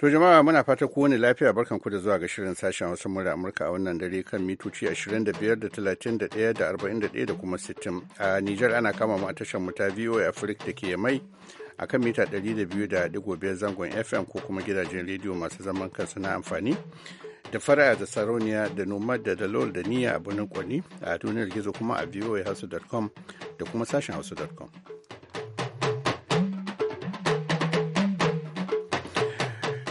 To jama'a muna fata ku wani lafiya barkan ku da zuwa ga shirin sashen wasu mura Amurka a wannan dare kan mitoci 25 da 31 da 41 da kuma 60. A Nijar ana kama mu a tashar mu ta VOA Africa da ke mai a kan mita 200.5 zangon FM ko kuma gidajen rediyo masu zaman kansu na amfani. da fara'a da sarauniya da noma da dalol da niyya a birnin kwani a duniyar gizo kuma a voahouse.com da kuma sashen hausa.com.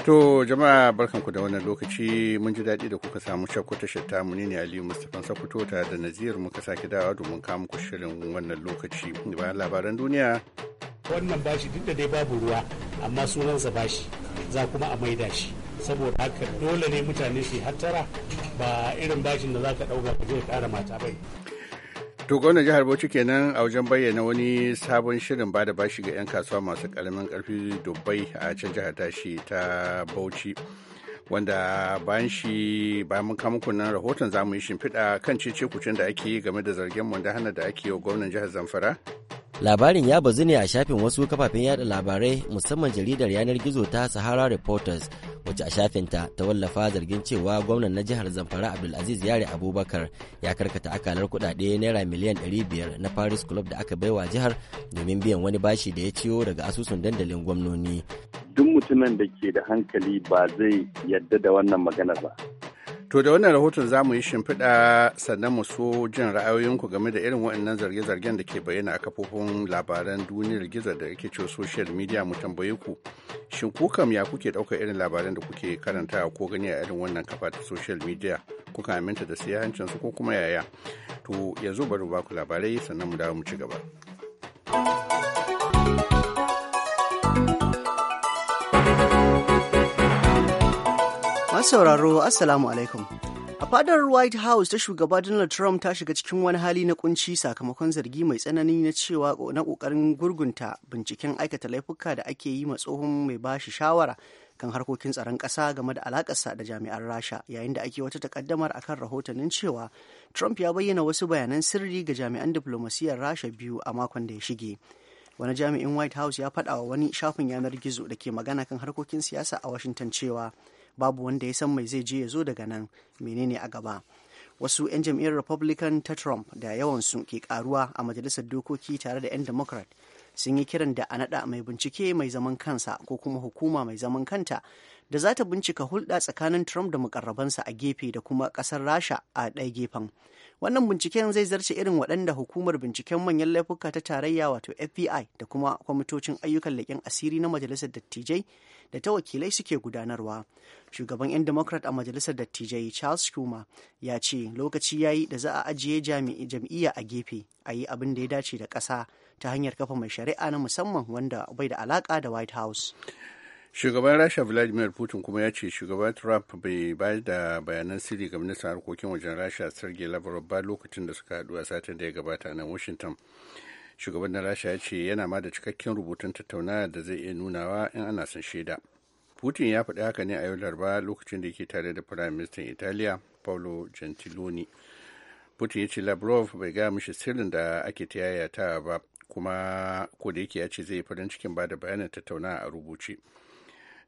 To jama'a barkanku da wannan lokaci mun ji daɗi da kuka samu shakku tashar tamu ne Aliyu Mustapha Sakuto da da Nazir muka sake dawa domin kawo muku shirin wannan lokaci bayan labaran duniya. Wannan bashi duk da dai babu ruwa amma sunansa bashi za kuma a maida shi saboda haka dole ne mutane su hattara ba irin bashin da za ka ɗauka ka je ka ƙara mata bai. To gwamnan jihar Bauchi kenan a wajen bayyana wani sabon shirin bada bashi ga 'yan kasuwa masu karamin karfi dubbai a can jihar tashi ta Bauchi. Wanda bayan shi bayan mun kama kunnan rahoton zamu yi shimfiɗa kan cece kucin da ake yi game da zargin hana da ake yi wa gwamnan jihar Zamfara labarin ya bazu ne a shafin wasu kafafen yada labarai musamman jaridar yanar gizo ta sahara reporters wacce a shafinta ta wallafa zargin cewa gwamnan na jihar zamfara abdulaziz yare abubakar ya karkata akalar kudade naira miliyan 500 na paris club da aka baiwa jihar domin biyan wani bashi da ya ciyo daga asusun dandalin gwamnoni duk mutumin da ke da hankali ba zai yadda da wannan magana ba To da wannan rahoton za mu yi shimfiɗa sannan mu so jin ra'ayoyinku game da irin waɗannan zarge-zargen da ke bayyana a kafofin labaran duniyar gizo da ake cewa social media mu tambaye ku. Shin ku kam ya kuke ɗaukar irin labaran da kuke karanta ko gani a irin wannan kafa ta social media kuka aminta da siyahancin su ko kuma yaya? To yanzu bari ba ku labarai sannan mu dawo mu ci gaba. Masu sauraro, Assalamu alaikum. A fadar White House ta shugaba Donald Trump ta shiga cikin wani hali na kunci sakamakon zargi mai tsanani na cewa na kokarin gurgunta binciken aikata laifuka da ake yi ma tsohon mai bashi shawara kan harkokin tsaron ƙasa game da alakarsa da jami'an Rasha yayin da ake wata takaddamar akan rahotannin cewa Trump ya bayyana wasu bayanan sirri ga jami'an diplomasiyyar Rasha biyu a makon da ya shige. Wani jami'in White House ya faɗa wani shafin yanar gizo da ke magana kan harkokin siyasa a Washington cewa babu wanda ya san mai zai je ya zo daga nan menene a gaba wasu 'yan jam'iyyar republican ta trump da yawan yawansu ke karuwa a majalisar dokoki tare da 'yan democrat sun yi kiran da a naɗa mai bincike mai zaman kansa ko kuma hukuma mai zaman kanta da za ta bincika hulɗa tsakanin trump da mukarrabansa a gefe da kuma ƙasar rasha a ɗaya gefen wannan binciken zai zarce irin waɗanda hukumar binciken manyan laifuka ta tarayya wato fbi da kuma kwamitocin ayyukan leƙen asiri na majalisar dattijai da ta wakilai suke gudanarwa shugaban 'yan democrat a majalisar dattijai charles schumer ya ce lokaci ya yi da za a ajiye jam'iyya a gefe a yi abin da ya dace da ƙasa ta hanyar kafa mai shari'a na musamman wanda bai da alaƙa da white house shugaban rasha vladimir putin kuma ya ce shugaban trump bai bayar da bayanan sirri ga ministan harkokin wajen rasha sergei lavrov ba lokacin da suka haɗu a satin da ya gabata nan washington shugaban na rasha ya ce yana ma da cikakken rubutun tattaunawa da zai iya nunawa in ana son shaida putin ya faɗi haka ne a yau laraba lokacin da yake tare da firayim ministan italiya paolo gentiloni putin ya ce lavrov bai gaya mishi sirrin da ake ta yayatawa ba kuma ko yake ya ce zai yi farin cikin ba da bayanin tattaunawa a rubuce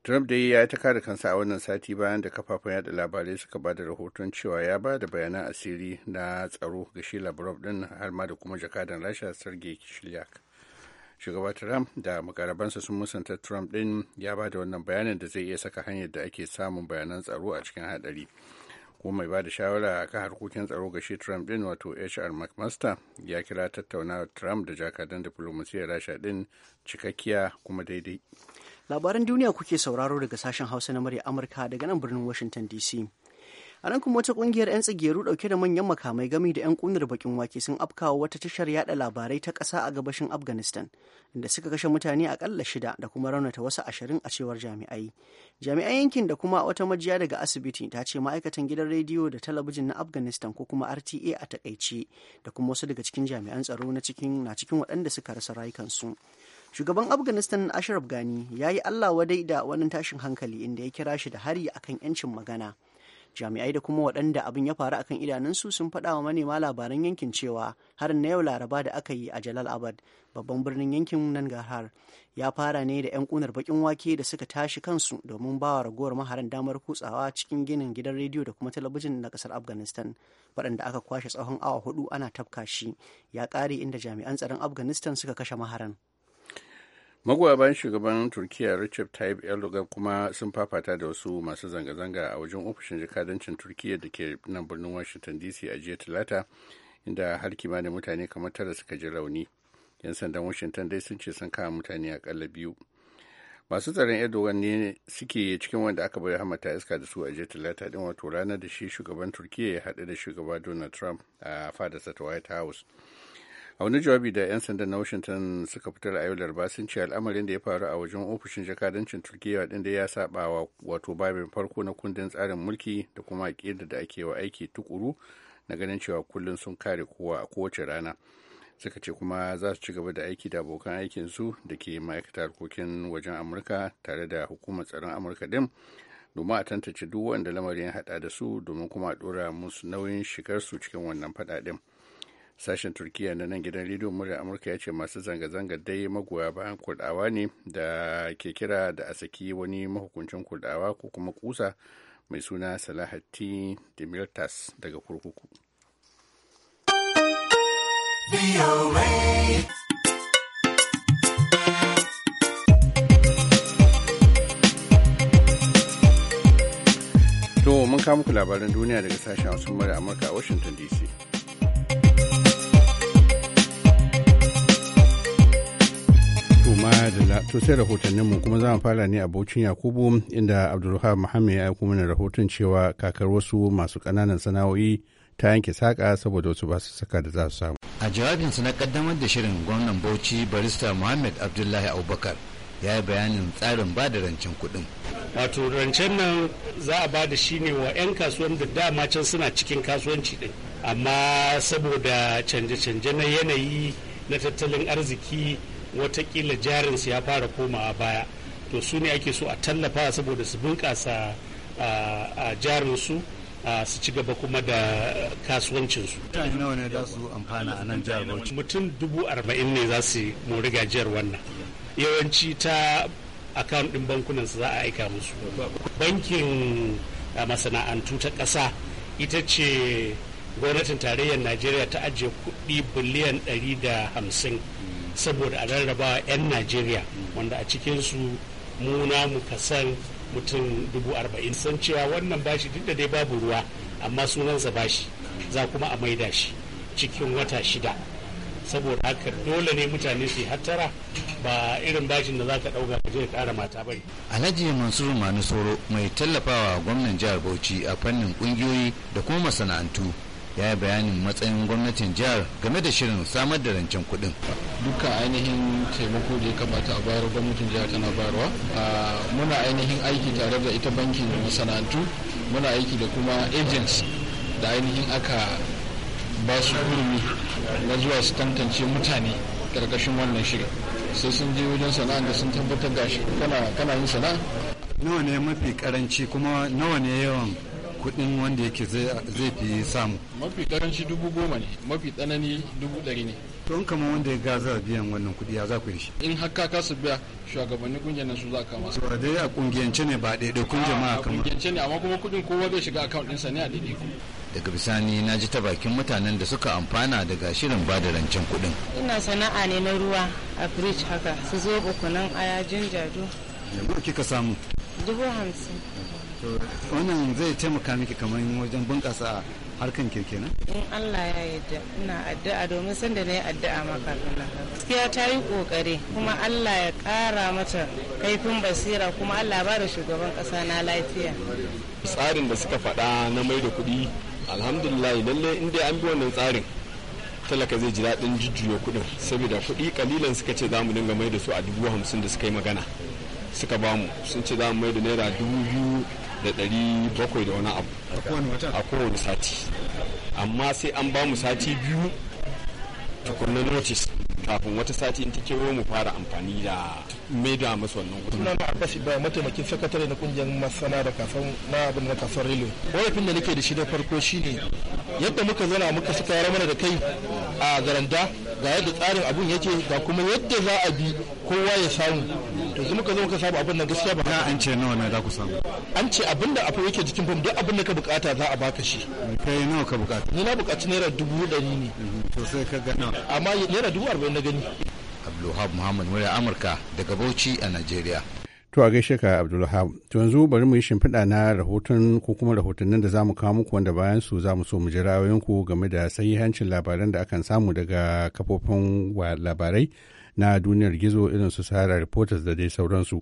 Trump dai ya ta kare kansa a wannan sati bayan da kafafen yada labarai suka ba da rahoton cewa ya ba da bayanan asiri na tsaro ga shi lavrov din har ma da kuma jakadan rasha sergei kishlyak shugaba trump da makarabansa sun musanta trump din ya ba da wannan bayanin da zai iya saka hanyar da ake samun bayanan tsaro a cikin hadari kuma mai ba da shawara a kan harkokin tsaro ga shi trump din wato hr mcmaster ya kira tattaunawa trump da jakadan diflomasiyyar rasha din cikakkiya kuma daidai labaran duniya kuke sauraro daga sashen hausa na murya amurka daga nan birnin washington dc a nan kuma wata kungiyar 'yan tsigeru dauke da manyan makamai gami da 'yan kunar bakin wake sun afkawa wata tashar yada labarai ta kasa a gabashin afghanistan da suka kashe mutane akalla shida da kuma raunata wasu ashirin a cewar jami'ai jami'ai yankin da kuma wata majiya daga asibiti ta ce ma'aikatan gidan rediyo da talabijin na afghanistan ko kuma rta a takaice da kuma wasu daga cikin jami'an tsaro na cikin waɗanda suka rasa rayukansu. su shugaban afghanistan ashraf gani ya yi allah wadai da wani tashin hankali inda ya kira shi da hari akan yancin magana jami'ai da kuma waɗanda abin ya faru akan idanunsu sun faɗa wa manema labaran yankin cewa harin na yau laraba da aka yi a jalal abad babban birnin yankin nan har ya fara ne da 'yan kunar bakin wake da suka tashi kansu domin ba wa ragowar maharan damar kutsawa cikin ginin gidan rediyo da kuma talabijin na kasar afghanistan waɗanda aka kwashe tsawon awa hudu ana tafka shi ya ƙare inda jami'an tsaron afghanistan suka kashe maharan magoya bayan shugaban turkiya richard tayyip erdogan kuma sun fafata da wasu masu zanga-zanga a wajen ofishin jakadancin turkiya da ke nan birnin washington dc a jiya talata inda har kimanin mutane kamar tara suka ji rauni yan sandan washington dai sun ce sun kama mutane a kalla biyu masu tsaron erdogan ne suke cikin wanda aka bari hamata iska da su a jiya talata din wato ranar da shi shugaban turkiyya ya haɗu da shugaba donald trump a fadarsa ta white house a wani jawabi da 'yan sanda na washington suka fitar a yau laraba sun ce al'amarin da ya faru a wajen ofishin jakadancin turkiyya ɗin da ya saba wa wato babin farko na kundin tsarin mulki da kuma aƙidar da ake wa aiki tukuru na ganin cewa kullum sun kare kowa a kowace rana suka ce kuma za su ci gaba da aiki da abokan aikin su da ke ma'aikata harkokin wajen amurka tare da hukumar tsaron amurka din domin a tantance duk wanda lamarin ya hada da su domin kuma a dora musu nauyin shigar su cikin wannan fada din sashen turkiya na nan gidan rediyon murya amurka ya ce masu zanga-zanga dai magoya bayan kurdawa ne da ke kira da a saki wani mahukuncin kurdawa ko kuma kusa mai suna salahati demirtas daga kurkuku To mun kawo ku labaran duniya daga sashen wasu mara Amurka a Washington DC. sosai to sai rahotanninmu kuma za mu fara ne a bocin Yakubu inda Abdulrahman Muhammad ya aiko mana rahoton cewa kakar wasu masu ƙananan sana'o'i ta yanke saƙa saboda wasu ba su saka da za su samu. A jawabinsa na kaddamar da shirin gwamnan Bauchi barista muhammed Abdullahi Abubakar ya yi bayanin tsarin ba da rancen kuɗin. Wato rancen nan za a ba da shi ne wa 'yan kasuwan da dama can suna cikin kasuwanci ɗin. Amma saboda canje-canje na yanayi na tattalin arziki watakila jarinsu ya fara komawa baya to su ne ake so a tallafa saboda su bunƙasa a jarinsu su ci gaba kuma da kasuwancinsu. su Mutum dubu arba'in ne za su mori gajiyar wannan. Yawanci ta akawun ɗin bankunan su za a aika musu. Bankin masana'antu ta ƙasa ita ce gwamnatin tarayyar Najeriya ta ajiye kuɗi biliyan ɗari da hamsin saboda a rarraba 'yan najeriya wanda a cikinsu mu namu kasan mutum dubu arba'in san cewa wannan bashi duk da dai babu ruwa amma sunansa bashi za kuma a maida shi cikin wata shida saboda haka dole ne mutane su hattara ba irin bashin da za ka ɗauka ka je ƙara mata bari. Alhaji Mansur Manu Soro mai tallafawa gwamnan jihar Bauchi a fannin ƙungiyoyi da kuma masana'antu ya yi bayanin matsayin gwamnatin jihar game da shirin samar da rancen kuɗin. duka ainihin taimako da ya kamata a bayar gwamnatin jihar tana bayarwa muna ainihin aiki tare da ita bankin masana'antu muna aiki da kuma agents da ainihin aka ba su hurumi na zuwa su tantance mutane karkashin wannan shirin sai sun je wajen sana'a da sun tabbatar da shi kana yin sana'a nawa ne mafi karanci kuma nawa ne yawan kuɗin wanda yake zai fi samu mafi karanci dubu goma ne mafi tsanani dubu ɗari ne don kama wanda ya gaza biyan wannan kuɗi ya za ku shi in haka ka su biya shugabannin kungiyar nan su za ka masu to dai a kungiyance ne ba daidai kun jama'a kamar kungiyance ne amma kuma kuɗin kowa zai shiga account ɗinsa ne a daidai ku daga bisani na ji ta bakin mutanen da suka amfana daga shirin ba da rancen kuɗin ina sana'a ne na ruwa a bridge haka su zo kunan aya jin jado kika samu dubu hamsin wannan zai taimaka miki kamar wajen bunƙasa harkan keke na? in Allah ya yarda ina addu'a domin sanda na yi addu'a maka gaskiya ta yi kokari kuma Allah ya ƙara mata kaifin basira kuma Allah ba da shugaban ƙasa na lafiya tsarin da suka faɗa na mai da kuɗi alhamdulillah lalle in dai an bi wannan tsarin talaka zai ji daɗin jujjuyo kuɗin saboda kuɗi kalilan suka ce za mu dinga mai da su a dubu hamsin da suka yi magana suka bamu sun ce za mu mai da naira dubu biyu da ɗari bakwai da wani abu a kowane sati amma sai an ba mu sati biyu tukunna notice kafin wata sati in ta kewo mu fara amfani da maida masu wannan kudi. Sunana kashi ba mataimakin sakatare na kungiyar masana da kasan na abin da kasan Rilo. da nake da shi na farko shi ne. yadda muka zana muka suka yara mana da kai a garanda ga yadda tsarin abun yake ga kuma yadda za a bi kowa ya samu yanzu muka zo muka samu abin nan gaskiya ba an ce nawa ne za ku samu an ce abin da akwai yake jikin fam duk abin da ka bukata za a baka shi kai nawa ka bukata ni na bukaci naira dubu dari ne to sai ka ga nawa amma naira dubu arba'in na gani Abdulwahab Muhammad murya Amurka daga Bauchi a nigeria. To a gaishe ka Abdulwahab to yanzu bari mu yi shimfiɗa na rahoton ko kuma rahotannin da za mu kawo muku wanda bayan su za mu so mu ji ku game da sahihancin labaran da akan samu daga kafofin labarai na duniyar gizo irin su sahara reporters da dai sauransu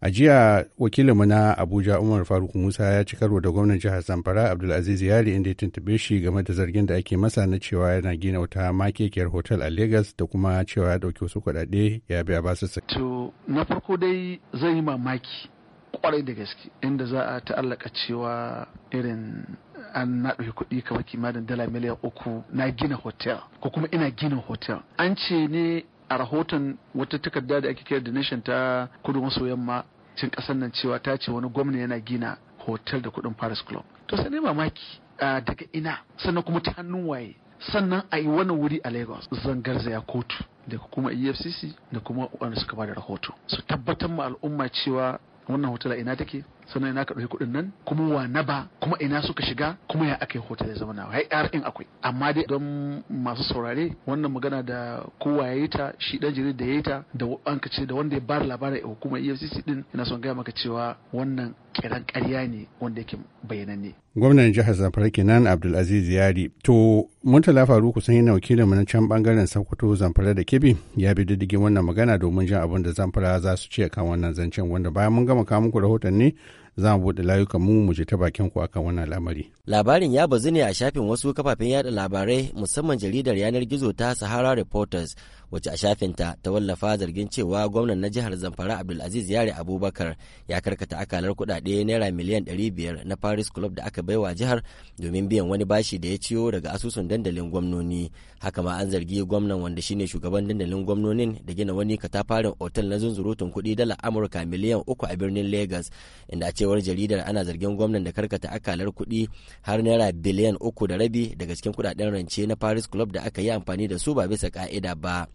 a jiya wakilinmu na abuja umar faruk musa ya ci karo da gwamnan jihar zamfara abdulaziz yari inda ya tuntube shi game da zargin da ake masa na cewa yana gina wata makekiyar hotel a lagos da kuma cewa ya dauki wasu kuɗaɗe ya biya ba su to na farko dai zai yi mamaki kwarai da gaske inda za a ta'allaka cewa irin an na ɗauki kuɗi kamar kimanin dala miliyan uku na gina hotel ko kuma ina gina hotel an ce ne a rahoton wata takarda da ake kira da nation ta kudu maso yamma cin kasar nan cewa ta ce wani gwamna yana gina hotel da kudin paris club to sai mamaki daga ina sannan kuma ta hannun waye sannan a yi wani wuri a lagos zangarzaya kotu e da kuma efcc da kuma wanda suka ba da rahoto su tabbatar ma al'umma cewa wannan hotel a ina take sannan ina ka ɗauki kuɗin nan kuma wa na ba kuma ina suka shiga kuma ya aka yi hotel ya zama nawa har in akwai amma dai don masu saurare wannan magana da kowa ya yi ta shi ɗan jirin da ya yi ta da an ce da wanda ya bada labarin a hukumar EFCC ɗin ina son gaya maka cewa wannan kiran ƙarya ne wanda yake bayyananne. Gwamnan jihar Zamfara kenan Abdulaziz Yari. To, Murtala Faruku sun yi na wakilinmu na can bangaren Sokoto Zamfara da Kebbi ya bi diddigin wannan magana domin jan abin da Zamfara za su ce kan wannan zancen wanda bayan mun gama kawo muku rahoton ne za mu buɗe layuka mu mu je ta bakin ku akan wannan lamari. Labarin ya bazu ne a shafin wasu kafafen yada labarai musamman jaridar yanar gizo ta Sahara Reporters wacce a shafinta ta wallafa zargin cewa gwamnan na jihar zamfara abdulaziz yare abubakar ya karkata akalar kudade naira miliyan 500 na paris club da aka baiwa jihar domin biyan wani bashi da ya ciyo daga asusun dandalin gwamnoni haka ma an zargi gwamnan wanda shine shugaban dandalin gwamnonin da gina wani katafarin otal na zunzurutun kuɗi dala amurka miliyan uku a birnin lagos inda a cewar jaridar ana zargin gwamnan da karkata akalar kuɗi har naira biliyan uku da rabi daga cikin kudaden rance na paris club da aka yi amfani da su ba bisa ka'ida ba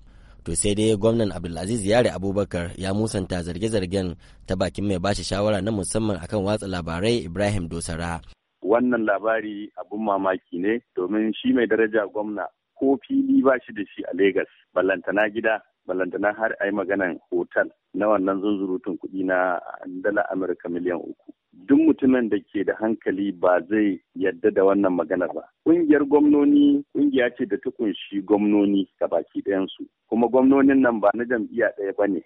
to sai dai gwamnan abdulaziz yare abubakar ya musanta zarge-zargen ta bakin mai bashi shawara na musamman akan watsa labarai ibrahim dosara wannan labari abun mamaki ne domin shi mai daraja gwamna ko fili ba shi da shi a Legas, ballantana gida, ballantana har ayi maganan hotel na wannan zunzurutun kuɗi na dala Amurka miliyan uku. duk mutumin da ke da hankali ba zai yadda da wannan maganar ba. Ƙungiyar gwamnoni ƙungiya ce da ta kunshi gwamnoni ga baki ɗayansu. Kuma gwamnonin nan ba na jam'iyya ɗaya ba ne,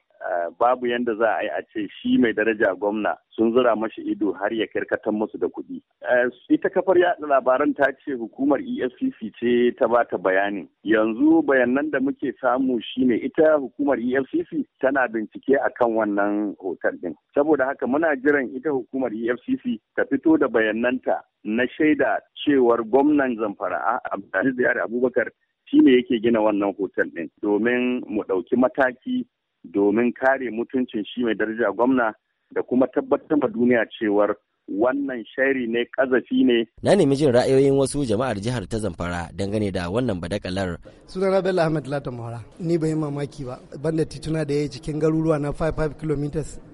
babu yadda za a yi a ce shi mai daraja gwamna sun zura mashi ido har ya karkatar musu da kuɗi. Eh, ita kafar yaɗa labaran ta ce hukumar EFCC ce ta ba ta bayani. Yanzu bayanan da muke samu shine ita hukumar EFCC tana bincike akan wannan hotel ɗin. Saboda haka muna jiran ita hukumar EFCC ta fito da bayananta na shaida cewar gwamnan zamfara Abdulaziz Yari Abubakar shi ne yake gina wannan hotel ɗin domin mu ɗauki mataki domin kare mutuncin shi mai daraja gwamna da kuma tabbatar ma duniya cewar wannan shari ne kazafi ne. Na nemi jin ra'ayoyin wasu jama'ar jihar ta Zamfara dangane da wannan badakalar. Sunana Bello Ahmed Lata Mora, ni bai mamaki ba, banda tituna da ya yi cikin garuruwa na 5-5 km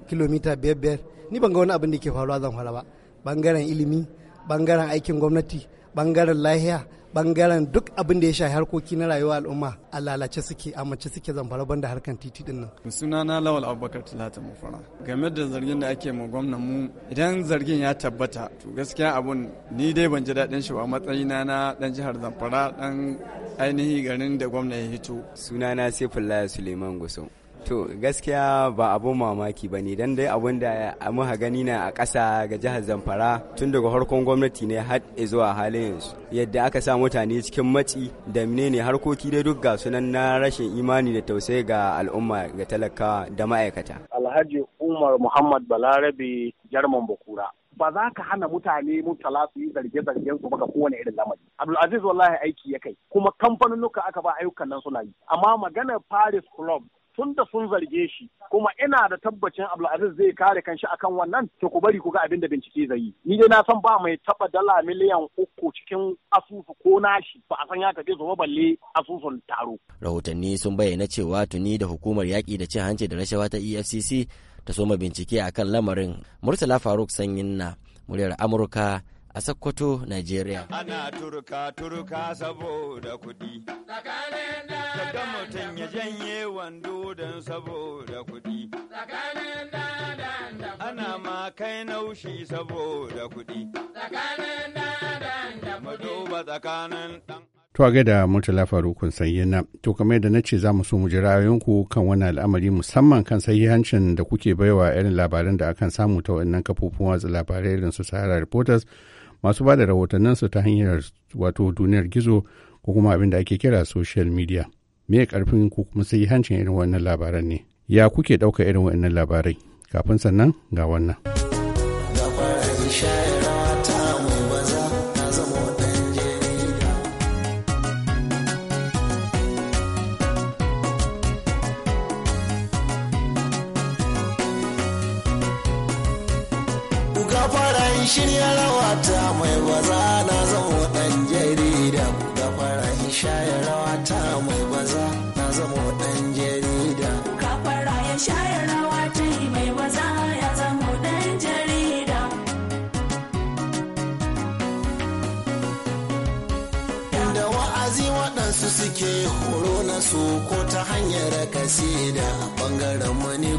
kilomita biyar-biyar, ni ban ga wani abin da ke faruwa Zamfara ba. Bangaren ilimi, bangaren aikin gwamnati, bangaren lahiya, bangaren duk abin da ya shafi harkoki na rayuwa al'umma a lalace suke a mace suke zamfara da harkan titi din nan. suna na lawal abubakar talata mufara game da zargin da ake ma gwamnan mu idan zargin ya tabbata to gaskiya abun ni dai ban ji daɗin shi ba matsayina na dan jihar zamfara dan ainihi garin da gwamna ya hito. Suna sunana sefullah suleiman gusau To gaskiya ba abun mamaki ba ne don dai abun da muka gani na a ƙasa ga jihar Zamfara tun daga harkon gwamnati ne har zuwa halin yanzu. Yadda aka sa mutane cikin matsi da ne harkoki dai duk ga sunan na rashin imani da tausayi ga al'umma ga talakawa da ma'aikata. Alhaji Umar Muhammad Balarabe Jarman Bakura. ba za ka hana mutane mutala su yi zarge-zargen su ba ga kowane irin lamari. Abdulaziz wallahi aiki ya kai kuma kamfanin nuka aka ba ayyukan nan suna yi. Amma magana Paris Club tun da sun zarge shi kuma ina da tabbacin Abdulaziz zai kare kanshi akan wannan to ku bari ku ga abin da bincike zai yi ni dai na san ba mai taba dala miliyan uku cikin asusu ko nashi ba a san ya tafi su balle asusun taro rahotanni sun bayyana cewa tuni da hukumar yaƙi da cin hanci da rashawa ta EFCC ta soma bincike akan lamarin Murtala Faruk Sanyin na muryar Amurka a Sokoto Nigeria ana turka turka saboda kuɗi Daga mutum ya janye wando don kuɗi. Tsakanin da kuɗi. Ana ma kai naushi saboda kuɗi. Tsakanin da kuɗi. To a gaida Murtala to kamar yadda na ce za mu so mu ji ra'ayoyinku kan wannan al'amari musamman kan sahihancin da kuke baiwa irin labaran da akan samu ta wannan kafofin watsa labarai irin su Sahara Reporters masu ba da rahotanninsu ta hanyar wato duniyar gizo ko kuma abin da ake kira social media. me karfin ku kuma sai hancin irin wannan labaran ne ya kuke ɗauka irin wannan labarai kafin sannan ga wannan Shirya rawata mai baza na zama su ko ta hanyar kasida bangaren mani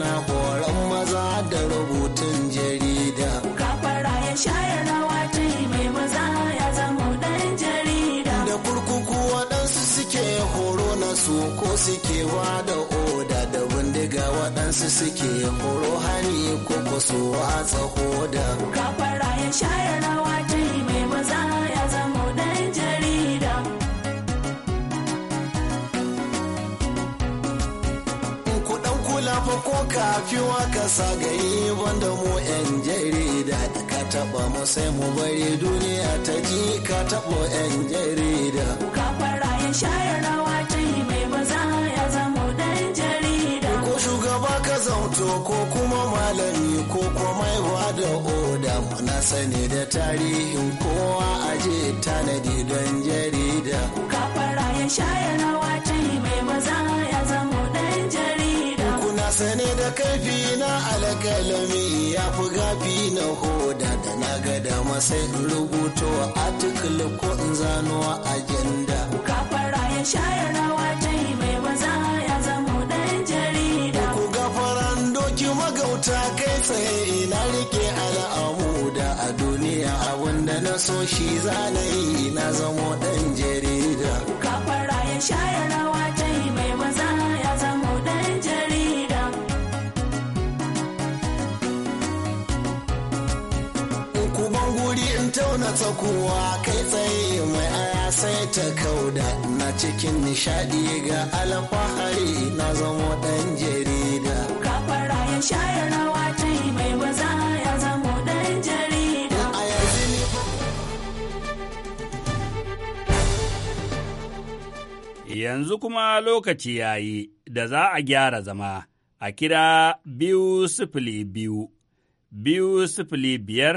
na horon maza da rubutun jarida kafara ya shayar wata mai maza ya zama dan jarida da kurkuku waɗansu suke horo na su ko suke da oda da bindiga waɗansu suke horo hani ko kusurwa tsaho kewa ka yi banda mu yan jarida ka taba mu sai mu bari duniya ta ji ka taba yan jarida ka fara yin shayar rawa mai maza ya zama dan jarida ko shugaba ka zauto ko kuma malami ko kuma yawa da oda na sani da tarihin kowa aje tanadi don jarida ka fara yin shayar rawa mai maza. sane da kaifi na alƙalami ya fi gafi na hoda da na ga dama sai in rubuto article ko in zano agenda Kafara ya shayar ta yi mai maza ya zamo ɗan jarida ku gafaran doki magauta kai tsaye ina rike al'amu da a duniya da na so shi zanayi na zamo ɗan jarida Kafara ya shayar jarida. ta kuwa kai tsaye mai aya sai ta kauda na cikin nishadi ga alfahari na zamo dan jarida yanzu kuma lokaci ya yi da za a gyara zama a kira biyu sifili biyu biyu sifili biyar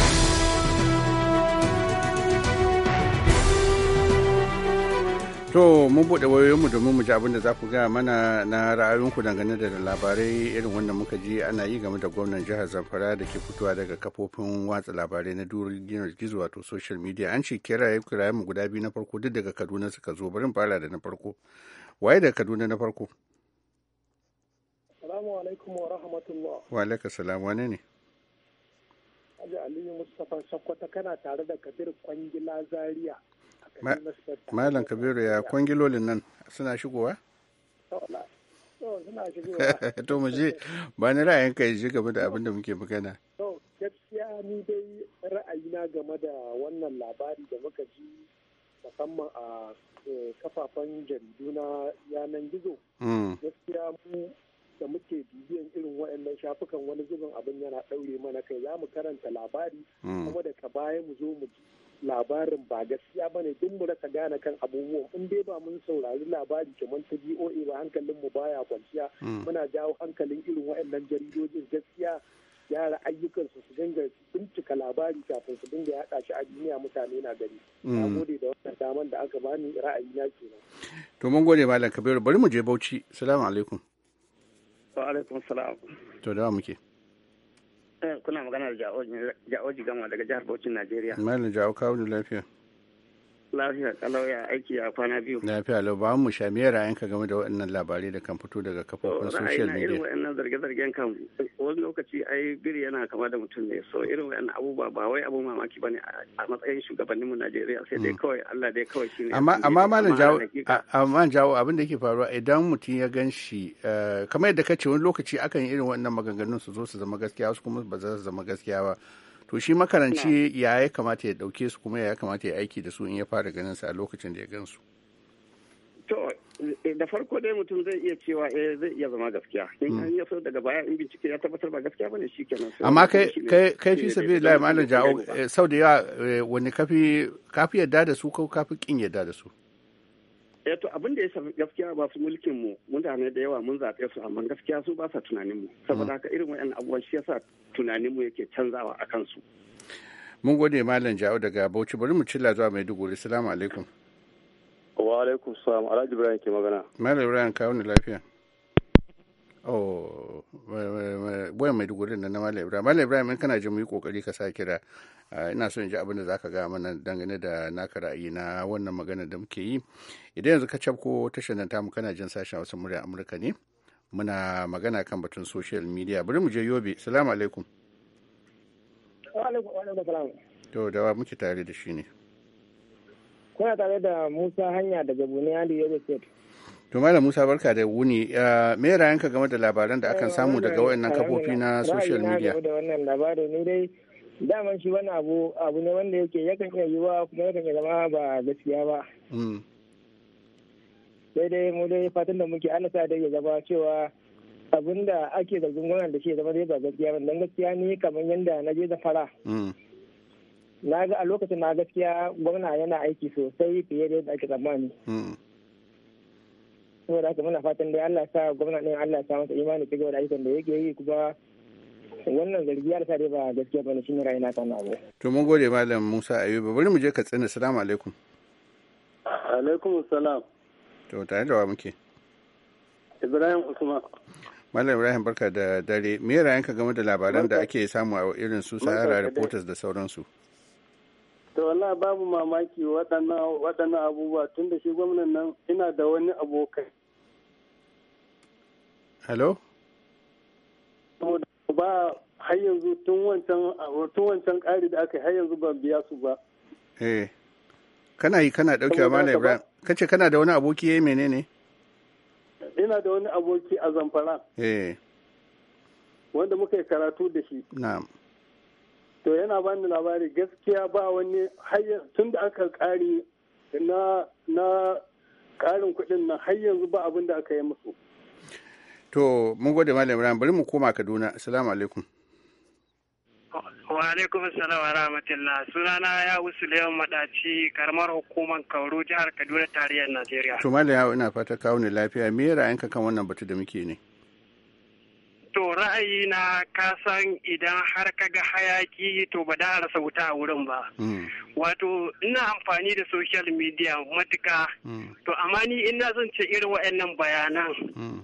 To mun buɗe wayoyinmu domin mu ji abin da za ku gaya mana na ra'ayoyinku dangane da labarai irin wanda muka ji ana yi game da gwamnan jihar Zamfara da ke fitowa daga kafofin watsa labarai na duniyar gizo wato social media an ce kiraye kiraye mu guda biyu na farko duk daga Kaduna suka zo barin fara da na farko. Waye daga Kaduna na farko? Assalamu alaikum wa rahmatullah. Wa alaikum salam wane ne? Haji Aliyu Mustapha Sakwata kana tare da Kabir Kwangila Zaria. Malam Kabiru ya kwangilolin nan suna shigowa? To mu je ba ni ra'ayin ka ji game da abin da muke magana. To gaskiya ni dai ra'ayina game da wannan labari da muka ji musamman a eh, kafafen jaridu na yanar gizo. akan abubuwan in dai ba mun saurari labari kamar ta BOA ba hankalin mu baya kwanciya hmm. muna jawo hankalin irin waɗannan jaridojin gaskiya gyara ayyukansu su dinga bincika labari kafin su dinga yaɗa shi a duniya mutane na gari. Hmm. Na gode da wannan daman da aka bani na ke To mun gode Malam Kabiru bari mu je Bauchi. Salamu alaikum. Wa alaikum salam. To da muke. Eh, kuna magana da Ja'oji Gama daga jihar Bauchi Najeriya. Malam jawo kawo lafiya. lafiya kalauya aiki a kwana biyu lafiya lau ba mu sha me ra'ayinka game da waɗannan labarai da kan fito daga kafofin social media irin waɗannan zarge-zargen kan wani lokaci ai biri yana kama da mutum ne so irin waɗannan abubuwa ba wai abu mamaki bane a matsayin shugabannin mu Najeriya sai dai mm. kawai Allah dai kawai shine amma amma malam jawo amma jawo abin da yake faruwa idan mutum ya gan shi eh, kamar yadda kace wani lokaci akan yi irin waɗannan maganganun su zo su zama gaskiya wasu kuma ba za su zama gaskiya ba to shi makaranci ya ya kamata ya dauke su kuma ya kamata ya aiki da su in ya fara ganin su a lokacin da ya gan su eh, da farko dai mutum zai iya cewa eh zai iya zama gaskiya in hmm. an ya daga baya in bincike ya tabbatar ba gaskiya bane shikenan amma kai kai kai fi sabi lillahi malam ja'o eh, sau da yawa eh, wani kafi kafi yadda da su ko kafi kin yadda da su eh to abin da ya shafi gaskiya ba su mulkin mu mutane da yawa mun zaɓe su amma gaskiya su ba sa tunanin mu saboda haka irin wayannan abubuwan shi yasa tunanin mu yake canzawa a kansu mun gode malam jawo daga Bauchi bari mu cilla zuwa Maiduguri salamu alaikum wa alaikum salam Alhaji Ibrahim ke magana malam Ibrahim kawo ni lafiya oh wayan maiduguri na malam ibrahim malam ibrahim in kana jin mu yi kokari ka sa kira ah, ina so in ji abin da ka ga mana dangane da naka ra'ayi na wannan magana da muke yi idan yanzu ka cafko tashar nan tamu kana jin sashen wasu murya amurka ne muna magana kan batun social media bari mu je yobe salamu alaikum to da muke tare da shi ne kuna tare da musa hanya daga buniya yobe state To Malam Musa barka da wuni me rayanka game da labaran da akan eh, samu daga wayannan kafofi na social media? da wannan labarin ne dai daman shi wani abu abu ne wanda yake yakan iya yiwa kuma yakan iya zama ba gaskiya ba. Mm. Sai dai mu dai fatan da muke ana sa dai ya zama cewa abin da ake zargin gwamnati da shi zama dai ba gaskiya ba dan gaskiya ne kamar yanda na je da fara. Mm. Na ga a lokacin na gaskiya gwamna yana aiki sosai fiye da yadda ake tsammani. Mm. saboda haka muna fatan dai Allah sa gwamna ɗin Allah sa masa imani ci gaba da ayyukan da yake yi kuma wannan zargi Allah sa dai ba gaskiya bane rayuwa ta na abu to mun gode malam Musa Ayuba bari mu je ka tsina salamu alaikum alaikum salam to tare da wa muke Ibrahim Usman Malam Ibrahim barka da dare me ra'ayinka game da labaran da ake samu a irin su Sahara Reporters da sauransu to wallahi babu mamaki waɗannan abubuwa tun da shi gwamnan nan ina da wani abokai hello ba har yanzu tun wancan tun wancan ƙari da aka yi har yanzu ban biya su ba eh kana yi kana dauke Malam ibrahim kace kana da wani aboki yayi eh, menene ina da wani aboki a zamfara eh wanda muka yi karatu da shi na'am to yana bani labari gaskiya ba wani har tun da aka ƙari na na ƙarin kuɗin nan har yanzu ba abin da aka yi musu To, mun gode Malam Ibrahim, bari mu koma Kaduna. Assalamu alaikum. Wa alaikum assalam wa rahmatullah. Sunana ya wusu lewan madaci karamar hukumar Kauru jihar Kaduna tarayyar Najeriya. To Malam ya ina fata kawo ne lafiya. Me ra'ayinka kan wannan batu da muke ne? To ra'ayi na kasan idan har ka ga hayaki to ba da rasa wuta a wurin ba. Mm. Wato ina amfani da social media matuka. Mm. To amma ni ina zan ce irin waɗannan bayanan. Mm.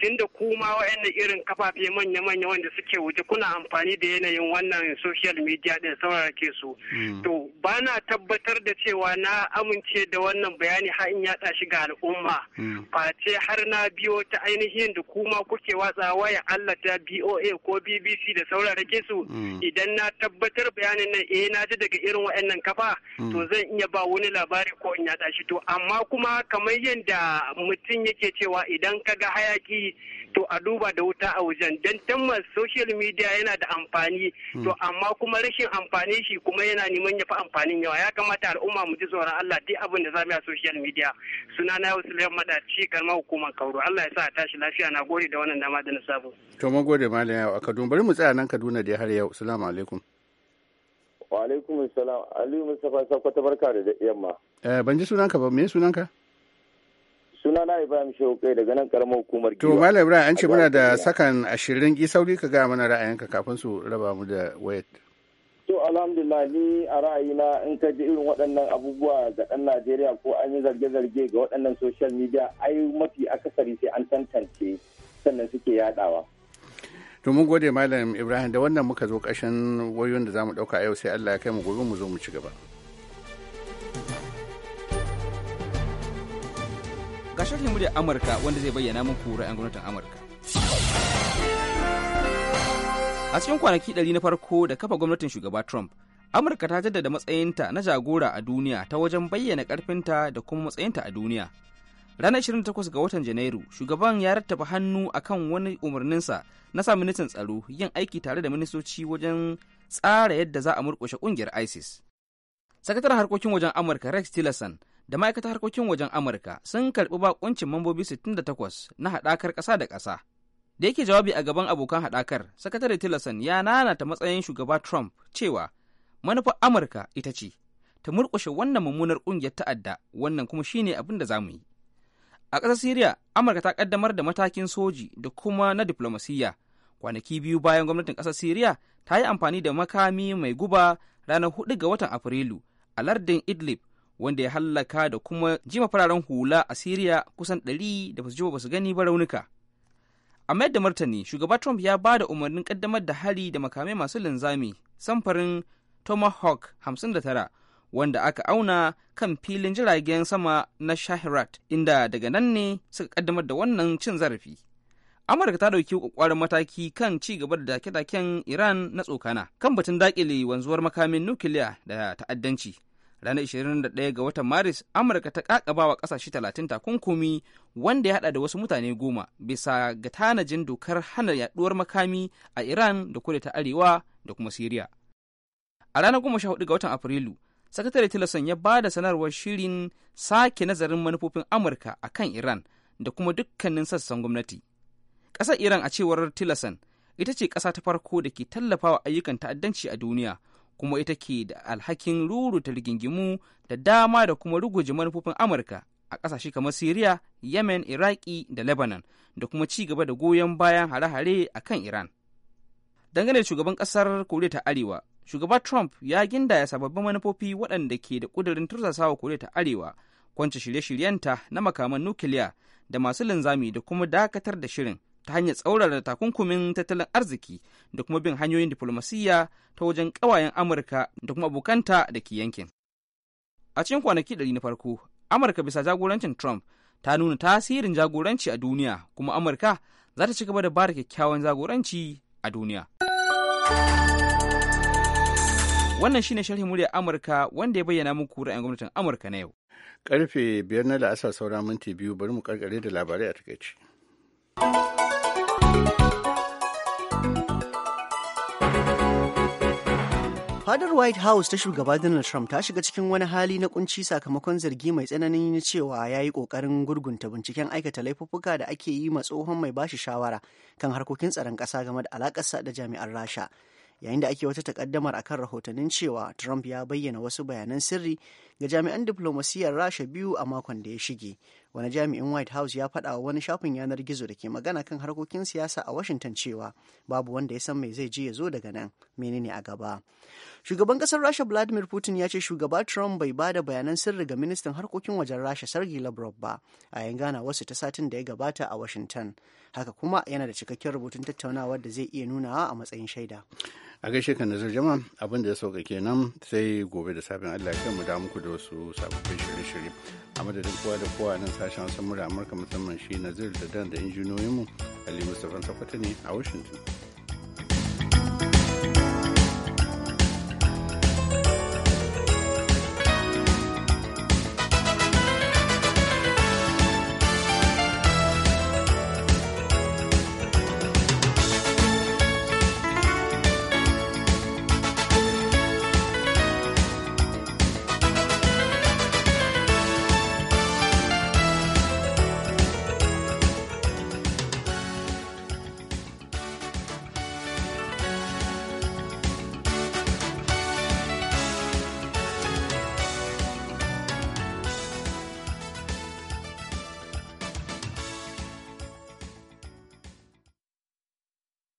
tunda kuma wa'annan irin kafafe manya-manya wanda suke wuce kuna amfani da yanayin wannan social media din ke su mm. to ba na tabbatar da cewa na amince da wannan bayani har in yaɗa shi ga al'umma mm. face har na biyo ta ainihin da kuma kuke watsa waya Allah ta BOA ko BBC da ke su mm. idan na tabbatar bayanin nan eh na ji daga irin wa'annan kafa to zan iya ba wani labari ko in yaɗa shi to amma kuma kamar yadda mutum yake cewa idan ka ga hayaki to a duba da wuta a wajen Don tamma social media yana da amfani hmm. to amma kuma rashin amfani shi kuma yana neman ya fi amfanin yawa ya kamata al'umma mu ji tsoron Allah duk abin da za mu yi a social media suna na yau mada ci karma hukumar Kauro Allah ya sa a tashi lafiya na gode da wannan dama da na sabu. to mun gode malam yau a Kaduna bari mu tsaya nan Kaduna da har yau salamu alaikum wa alaikum salam Aliyu Mustapha sakwata barka da yamma eh ban ji sunanka ba me sunanka suna na ibrahim shehu kai daga nan karamar hukumar giwa to malam ibrahim an ce muna da sakan ashirin ki sauri ka gaya mana ra'ayinka kafin su raba mu da wayat to alhamdulillah ni a ra'ayina in ka ji irin waɗannan abubuwa ga ɗan najeriya ko an yi zarge-zarge ga waɗannan social media ai mafi akasari sai an tantance sannan suke yaɗawa. to mun gode malam ibrahim da wannan muka zo ƙashin wayoyin da za mu ɗauka yau sai allah ya kai mu gobe mu zo mu ci gaba ga sharhin muryar Amurka wanda zai bayyana muku ra'ayin gwamnatin Amurka. A cikin kwanaki ɗari na farko da kafa gwamnatin shugaba Trump, Amurka ta jaddada matsayinta na jagora a duniya ta wajen bayyana ƙarfinta da kuma matsayinta a duniya. Ranar 28 ga watan Janairu, shugaban ya rattaba hannu akan wani umarninsa na sa ministan tsaro yin aiki tare da ministoci wajen tsara yadda za a murƙushe ƙungiyar ISIS. Sakataren harkokin wajen Amurka Rex Tillerson da ma'aikatar harkokin wajen amurka sun karɓi bakuncin mambobi 68 na haɗakar ƙasa da ƙasa da yake jawabi a gaban abokan haɗakar sakatare tillerson ya nanata matsayin shugaba trump cewa manufar amurka ita ce ta murƙushe wannan mummunar ƙungiyar ta'adda wannan kuma shine abin da za mu yi a ƙasar siriya amurka ta ƙaddamar da matakin soji da kuma na diflomasiyya kwanaki biyu bayan gwamnatin ƙasar siriya ta yi amfani da makami mai guba ranar 4 ga watan afrilu a lardin idlib wanda ya hallaka da kuma jima fararen hula a Siriya kusan ɗari da basu jima ba su gani ba raunuka. A mayar da martani, shugaba Trump ya ba da umarnin kaddamar da hari da makamai masu linzami samfarin Tomahawk 59 wanda aka auna kan filin jiragen sama na Shahirat inda daga nan ne suka kaddamar da wannan cin zarafi. Amurka ta ɗauki kwakwarar mataki kan ci gaba da dake-daken Iran na tsokana kan batun dakile wanzuwar makamin nukiliya da ta'addanci. ranar 21 ga watan maris amurka ta kakaba wa kasashe 30 takunkumi wanda ya hada da wasu mutane goma bisa ga tanajin dokar hana yaduwar makami a iran da kudu ta arewa da kuma siriya a ranar 14 ga watan afrilu sakatare tillerson ya ba da sanarwar shirin sake nazarin manufofin amurka a kan iran da kuma dukkanin sassan gwamnati ƙasar iran a cewar tillerson ita ce ƙasa ta farko da ke tallafawa ayyukan ta'addanci a duniya kuma ita ke da alhakin ruruta rigingimu da dama da kuma ruguje manufofin amurka a ƙasashe kamar syria yemen iraki da lebanon da kuma ci gaba da goyon bayan hare-hare a kan iran dangane da shugaban ƙasar koriya ta arewa shugaba trump ya gindaya sababbin manufofi waɗanda ke da ƙudurin tursasawa koriya ta arewa kwance shirye-shiryenta na makaman nukiliya da masu linzami da kuma dakatar da shirin ta hanyar tsaurara takunkumin tattalin arziki da kuma bin hanyoyin diflomasiyya ta wajen ƙawayen amurka da kuma abokanta da ke yankin a cikin kwanaki ɗari na farko amurka bisa jagorancin trump ta nuna tasirin jagoranci a duniya kuma amurka za ta ci gaba da bada kyakkyawan jagoranci a duniya wannan shi ne sharhin murya amurka wanda ya bayyana muku ra'ayin gwamnatin amurka na yau karfe biyar na la'asar saura minti biyu bari mu karkare da labarai a takaici. Fadar White House ta shugaba Donald Trump ta shiga cikin wani hali na kunci sakamakon zargi mai tsanani na cewa ya yi kokarin gurgunta binciken aikata laifuffuka da ake yi ma tsohon mai bashi shawara kan harkokin tsaron kasa game da sa da jami'an Rasha. Yayin da ake wata takaddamar akan rahotannin cewa Trump ya bayyana wasu bayanan sirri ga jami'an diflomasiyyar Rasha biyu a makon da ya shige. wani jami'in white house ya faɗa wa wani shafin yanar gizo da ke magana kan harkokin siyasa a washington cewa babu wanda ya san mai zai je ya zo daga nan menene a gaba shugaban kasar rasha vladimir putin ya ce shugaba trump bai ba da bayanan sirri ga ministan harkokin wajen rasha sargi lavrov ba a yan gana wasu ta satin da ya gabata a washington haka kuma yana da cikakken rubutun tattaunawar da zai iya nunawa a matsayin shaida a gaishe ka nazar jama abin da ya sauka kenan sai gobe da sabon allah kai mu da muku da wasu sababbin shirye-shirye a madadin kowa da kowa nan sashen wasan mura amurka musamman shi nazir da dan da injiniyoyinmu ali mustapha sakwata ne a washington